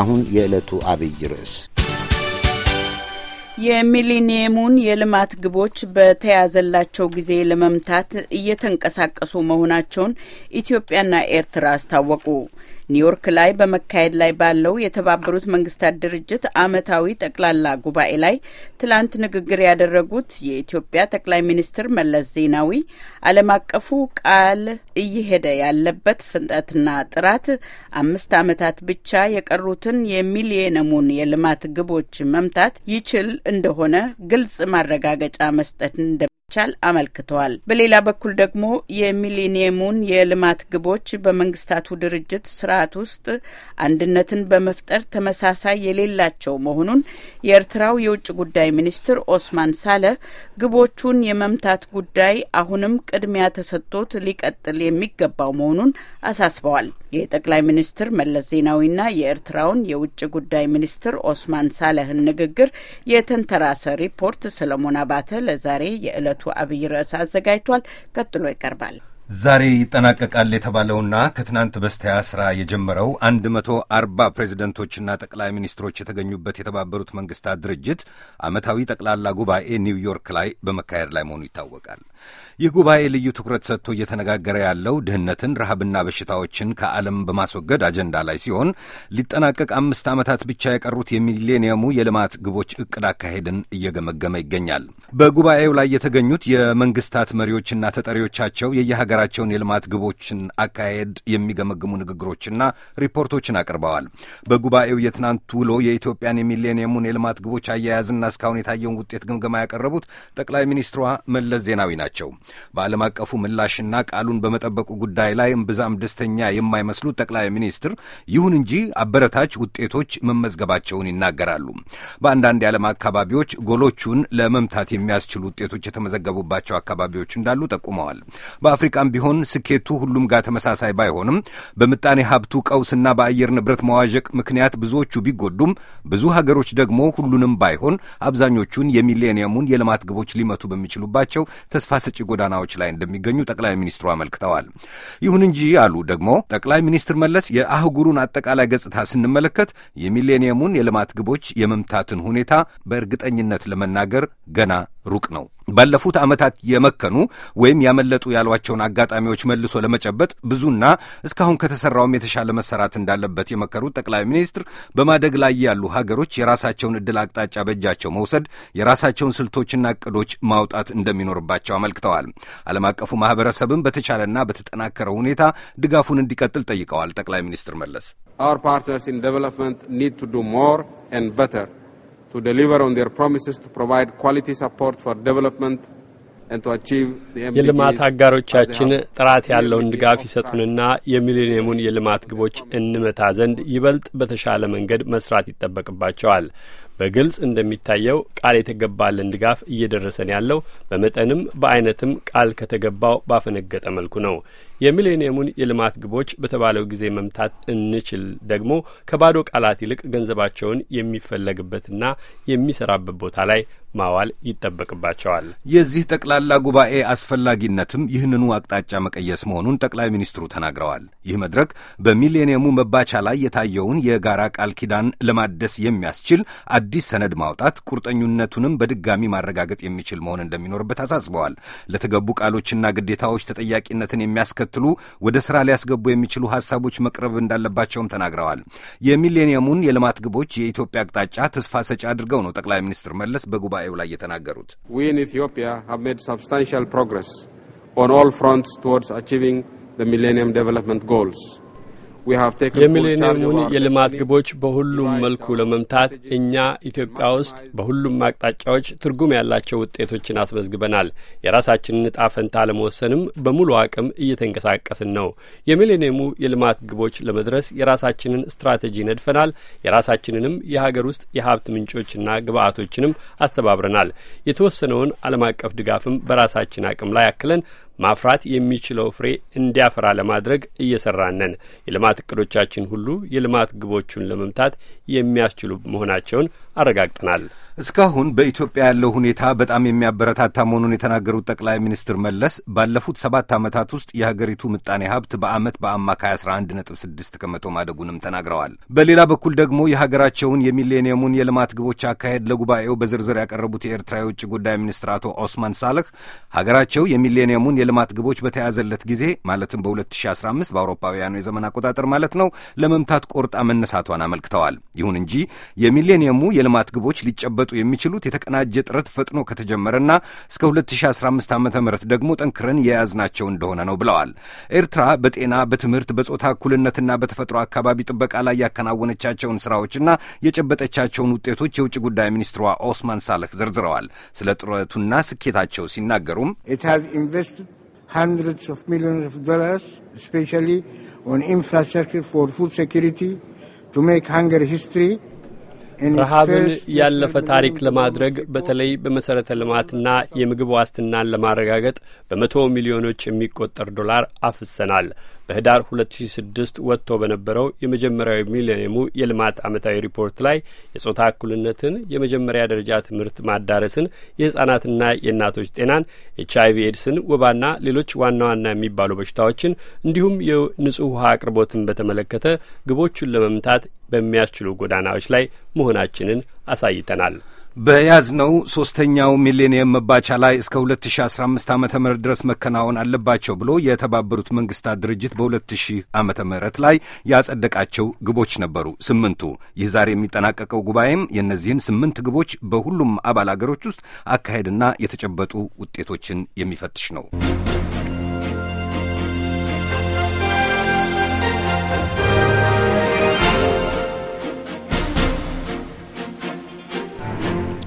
አሁን የዕለቱ አብይ ርዕስ የሚሊኒየሙን የልማት ግቦች በተያዘላቸው ጊዜ ለመምታት እየተንቀሳቀሱ መሆናቸውን ኢትዮጵያና ኤርትራ አስታወቁ። ኒውዮርክ ላይ በመካሄድ ላይ ባለው የተባበሩት መንግስታት ድርጅት አመታዊ ጠቅላላ ጉባኤ ላይ ትላንት ንግግር ያደረጉት የኢትዮጵያ ጠቅላይ ሚኒስትር መለስ ዜናዊ ዓለም አቀፉ ቃል እየሄደ ያለበት ፍጥነትና ጥራት አምስት አመታት ብቻ የቀሩትን የሚሊየነሙን የልማት ግቦች መምታት ይችል እንደሆነ ግልጽ ማረጋገጫ መስጠት እንደ እንደሚቻል አመልክተዋል። በሌላ በኩል ደግሞ የሚሊኒየሙን የልማት ግቦች በመንግስታቱ ድርጅት ስርዓት ውስጥ አንድነትን በመፍጠር ተመሳሳይ የሌላቸው መሆኑን የኤርትራው የውጭ ጉዳይ ሚኒስትር ኦስማን ሳለ ግቦቹን የመምታት ጉዳይ አሁንም ቅድሚያ ተሰጥቶት ሊቀጥል የሚገባው መሆኑን አሳስበዋል። የጠቅላይ ሚኒስትር መለስ ዜናዊና የኤርትራውን የውጭ ጉዳይ ሚኒስትር ኦስማን ሳለህን ንግግር የተንተራሰ ሪፖርት ሰለሞን አባተ ለዛሬ የዕለቱ አብይ ርዕስ አዘጋጅቷል። ቀጥሎ ይቀርባል። ዛሬ ይጠናቀቃል የተባለውና ከትናንት በስቲያ ስራ የጀመረው 140 ፕሬዝደንቶችና ጠቅላይ ሚኒስትሮች የተገኙበት የተባበሩት መንግስታት ድርጅት ዓመታዊ ጠቅላላ ጉባኤ ኒውዮርክ ላይ በመካሄድ ላይ መሆኑ ይታወቃል። ይህ ጉባኤ ልዩ ትኩረት ሰጥቶ እየተነጋገረ ያለው ድህነትን፣ ረሃብና በሽታዎችን ከዓለም በማስወገድ አጀንዳ ላይ ሲሆን ሊጠናቀቅ አምስት ዓመታት ብቻ የቀሩት የሚሌኒየሙ የልማት ግቦች እቅድ አካሄድን እየገመገመ ይገኛል። በጉባኤው ላይ የተገኙት የመንግስታት መሪዎችና ተጠሪዎቻቸው የየሀገ የሀገራቸውን የልማት ግቦችን አካሄድ የሚገመግሙ ንግግሮችና ሪፖርቶችን አቅርበዋል። በጉባኤው የትናንት ውሎ የኢትዮጵያን የሚሌኒየሙን የልማት ግቦች አያያዝና እስካሁን የታየውን ውጤት ግምገማ ያቀረቡት ጠቅላይ ሚኒስትሯ መለስ ዜናዊ ናቸው። በዓለም አቀፉ ምላሽና ቃሉን በመጠበቁ ጉዳይ ላይ እምብዛም ደስተኛ የማይመስሉት ጠቅላይ ሚኒስትር ይሁን እንጂ አበረታች ውጤቶች መመዝገባቸውን ይናገራሉ። በአንዳንድ የዓለም አካባቢዎች ጎሎቹን ለመምታት የሚያስችሉ ውጤቶች የተመዘገቡባቸው አካባቢዎች እንዳሉ ጠቁመዋል። በአፍሪካ በጣም ቢሆን ስኬቱ ሁሉም ጋር ተመሳሳይ ባይሆንም በምጣኔ ሀብቱ ቀውስና በአየር ንብረት መዋዠቅ ምክንያት ብዙዎቹ ቢጎዱም ብዙ ሀገሮች ደግሞ ሁሉንም ባይሆን አብዛኞቹን የሚሌኒየሙን የልማት ግቦች ሊመቱ በሚችሉባቸው ተስፋ ሰጪ ጎዳናዎች ላይ እንደሚገኙ ጠቅላይ ሚኒስትሩ አመልክተዋል። ይሁን እንጂ አሉ ደግሞ ጠቅላይ ሚኒስትር መለስ የአህጉሩን አጠቃላይ ገጽታ ስንመለከት የሚሌኒየሙን የልማት ግቦች የመምታትን ሁኔታ በእርግጠኝነት ለመናገር ገና ሩቅ ነው። ባለፉት ዓመታት የመከኑ ወይም ያመለጡ ያሏቸውን አጋጣሚዎች መልሶ ለመጨበጥ ብዙና እስካሁን ከተሰራውም የተሻለ መሰራት እንዳለበት የመከሩት ጠቅላይ ሚኒስትር በማደግ ላይ ያሉ ሀገሮች የራሳቸውን እድል አቅጣጫ በእጃቸው መውሰድ፣ የራሳቸውን ስልቶችና እቅዶች ማውጣት እንደሚኖርባቸው አመልክተዋል። ዓለም አቀፉ ማህበረሰብም በተቻለና በተጠናከረ ሁኔታ ድጋፉን እንዲቀጥል ጠይቀዋል። ጠቅላይ ሚኒስትር መለስ Our partners in development need to do to deliver on their promises to provide quality support for development የልማት አጋሮቻችን ጥራት ያለውን ድጋፍ ይሰጡንና የሚሊኒየሙን የልማት ግቦች እንመታ ዘንድ ይበልጥ በተሻለ መንገድ መስራት ይጠበቅባቸዋል። በግልጽ እንደሚታየው ቃል የተገባልን ድጋፍ እየደረሰን ያለው በመጠንም በአይነትም ቃል ከተገባው ባፈነገጠ መልኩ ነው። የሚሌኒየሙን የልማት ግቦች በተባለው ጊዜ መምታት እንችል ደግሞ ከባዶ ቃላት ይልቅ ገንዘባቸውን የሚፈለግበትና የሚሰራበት ቦታ ላይ ማዋል ይጠበቅባቸዋል። የዚህ ጠቅላላ ጉባኤ አስፈላጊነትም ይህንኑ አቅጣጫ መቀየስ መሆኑን ጠቅላይ ሚኒስትሩ ተናግረዋል። ይህ መድረክ በሚሌኒየሙ መባቻ ላይ የታየውን የጋራ ቃል ኪዳን ለማደስ የሚያስችል አዲስ ሰነድ ማውጣት፣ ቁርጠኝነቱንም በድጋሚ ማረጋገጥ የሚችል መሆን እንደሚኖርበት አሳስበዋል። ለተገቡ ቃሎችና ግዴታዎች ተጠያቂነትን የሚያስከ ሳይፈትሉ ወደ ስራ ሊያስገቡ የሚችሉ ሀሳቦች መቅረብ እንዳለባቸውም ተናግረዋል። የሚሌኒየሙን የልማት ግቦች የኢትዮጵያ አቅጣጫ ተስፋ ሰጪ አድርገው ነው ጠቅላይ ሚኒስትር መለስ በጉባኤው ላይ የተናገሩት። ኢትዮጵያ የሚሌኒየሙን የልማት ግቦች በሁሉም መልኩ ለመምታት እኛ ኢትዮጵያ ውስጥ በሁሉም አቅጣጫዎች ትርጉም ያላቸው ውጤቶችን አስመዝግበናል። የራሳችንን እጣ ፈንታ ለመወሰንም በሙሉ አቅም እየተንቀሳቀስን ነው። የሚሌኒየሙ የልማት ግቦች ለመድረስ የራሳችንን ስትራቴጂ ነድፈናል። የራሳችንንም የሀገር ውስጥ የሀብት ምንጮችና ግብአቶችንም አስተባብረናል። የተወሰነውን ዓለም አቀፍ ድጋፍም በራሳችን አቅም ላይ ያክለን ማፍራት የሚችለው ፍሬ እንዲያፈራ ለማድረግ እየሰራነን የልማት እቅዶቻችን ሁሉ የልማት ግቦቹን ለመምታት የሚያስችሉ መሆናቸውን አረጋግጠናል። እስካሁን በኢትዮጵያ ያለው ሁኔታ በጣም የሚያበረታታ መሆኑን የተናገሩት ጠቅላይ ሚኒስትር መለስ ባለፉት ሰባት ዓመታት ውስጥ የሀገሪቱ ምጣኔ ሀብት በዓመት በአማካይ 11.6 ከመቶ ማደጉንም ተናግረዋል። በሌላ በኩል ደግሞ የሀገራቸውን የሚሌኒየሙን የልማት ግቦች አካሄድ ለጉባኤው በዝርዝር ያቀረቡት የኤርትራ የውጭ ጉዳይ ሚኒስትር አቶ ኦስማን ሳልህ ሀገራቸው የሚሌኒየሙን የልማት ግቦች በተያዘለት ጊዜ ማለትም በ2015 በአውሮፓውያኑ የዘመን አቆጣጠር ማለት ነው ለመምታት ቆርጣ መነሳቷን አመልክተዋል። ይሁን እንጂ የሚሌኒየሙ የልማት ግቦች ሊጨበ ሊጨበጡ የሚችሉት የተቀናጀ ጥረት ፈጥኖ ከተጀመረና እስከ 2015 ዓ ም ደግሞ ጠንክረን የያዝናቸው እንደሆነ ነው ብለዋል። ኤርትራ በጤና፣ በትምህርት፣ በጾታ እኩልነትና በተፈጥሮ አካባቢ ጥበቃ ላይ ያከናወነቻቸውን ስራዎችና የጨበጠቻቸውን ውጤቶች የውጭ ጉዳይ ሚኒስትሯ ኦስማን ሳልህ ዘርዝረዋል። ስለ ጥረቱና ስኬታቸው ሲናገሩም ኢት ረሃብን ያለፈ ታሪክ ለማድረግ በተለይ በመሠረተ ልማትና የምግብ ዋስትናን ለማረጋገጥ በመቶ ሚሊዮኖች የሚቆጠር ዶላር አፍሰናል። በህዳር 2006 ወጥቶ በነበረው የመጀመሪያው ሚሊኒየሙ የልማት ዓመታዊ ሪፖርት ላይ የጾታ እኩልነትን፣ የመጀመሪያ ደረጃ ትምህርት ማዳረስን፣ የህጻናትና የእናቶች ጤናን፣ ኤች አይቪ ኤድስን፣ ወባና ሌሎች ዋና ዋና የሚባሉ በሽታዎችን እንዲሁም የንጹህ ውሃ አቅርቦትን በተመለከተ ግቦቹን ለመምታት በሚያስችሉ ጎዳናዎች ላይ መሆናችንን አሳይተናል። በያዝነው ሶስተኛው ሚሌኒየም መባቻ ላይ እስከ 2015 ዓ ም ድረስ መከናወን አለባቸው ብሎ የተባበሩት መንግስታት ድርጅት በ2000 ዓ ም ላይ ያጸደቃቸው ግቦች ነበሩ ስምንቱ። ይህ ዛሬ የሚጠናቀቀው ጉባኤም የእነዚህን ስምንት ግቦች በሁሉም አባል አገሮች ውስጥ አካሄድና የተጨበጡ ውጤቶችን የሚፈትሽ ነው።